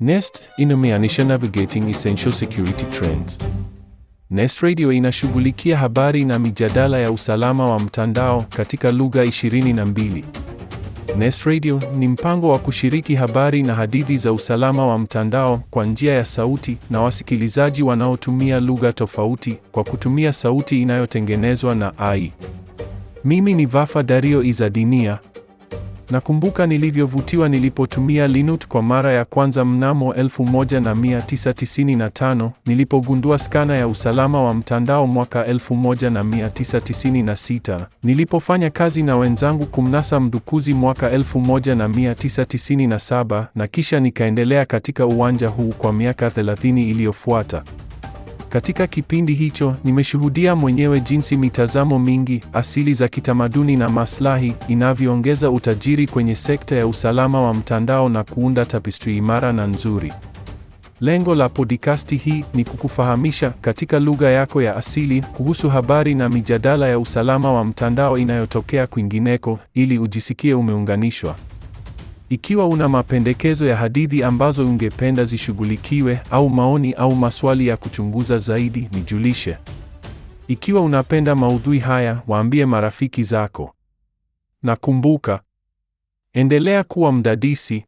NEST inameanisha Navigating Essential Security Trends. NEST Radio inashughulikia habari na mijadala ya usalama wa mtandao katika lugha 22. NEST Radio ni mpango wa kushiriki habari na hadithi za usalama wa mtandao kwa njia ya sauti na wasikilizaji wanaotumia lugha tofauti kwa kutumia sauti inayotengenezwa na AI. Mimi ni Vafa Dario Izadinia. Nakumbuka nilivyovutiwa nilipotumia Linux kwa mara ya kwanza mnamo 1995 nilipogundua skana ya usalama wa mtandao mwaka 1996, nilipofanya kazi na wenzangu kumnasa mdukuzi mwaka 1997 na kisha nikaendelea katika uwanja huu kwa miaka 30 iliyofuata. Katika kipindi hicho nimeshuhudia mwenyewe jinsi mitazamo mingi, asili za kitamaduni na maslahi inavyoongeza utajiri kwenye sekta ya usalama wa mtandao na kuunda tapestry imara na nzuri. Lengo la podikasti hii ni kukufahamisha katika lugha yako ya asili kuhusu habari na mijadala ya usalama wa mtandao inayotokea kwingineko ili ujisikie umeunganishwa. Ikiwa una mapendekezo ya hadithi ambazo ungependa zishughulikiwe au maoni au maswali ya kuchunguza zaidi, nijulishe. Ikiwa unapenda maudhui haya, waambie marafiki zako. nakumbuka endelea kuwa mdadisi.